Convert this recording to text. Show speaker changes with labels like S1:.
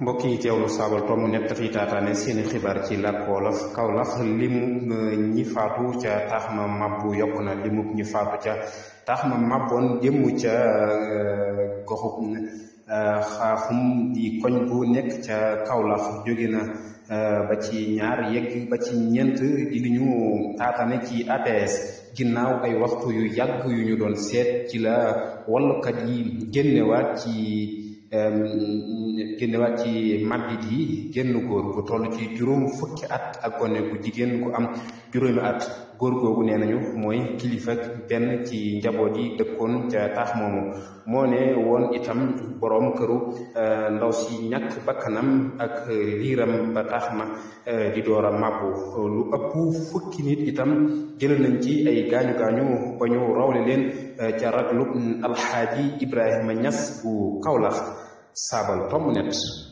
S1: mbokk yi teewlu saabal tomb nettali taataane seen xibaar ci làkk wolof Kaolack limub ñi faatu ca tax ma mabbu yokk na limub ñi faatu ca tax ma mabboon jëmm ca eh, goxub xaaxum eh, di koñ bu nekk ca Kaolack jóge na eh, ba ci ñaar yegg ba ci ñent di li ñu taataane ci APS ginnaaw ay waxtu yu yàgg yu ñu doon seet ci la wallukat yi génnewaat ci génnewaat ci màbbit yi génn góor gu toll ci juróom fukki at ak gone gu jigéen gu am juróomi at góor googu nee nañu mooy kilifa benn ci njaboot yi dëkkoon ca taax moomu moo ne woon itam boroom këru e, ndaw si ñàkk bakkanam ak liiram ba taax ma e, di door màbbu lu ëpp fukki nit itam jël nañ ci ay gaañu-gaañu ba rawle leen e, ca raglub alxaaji Ibrahima Ñas bu Kawlax saabal tomb
S2: net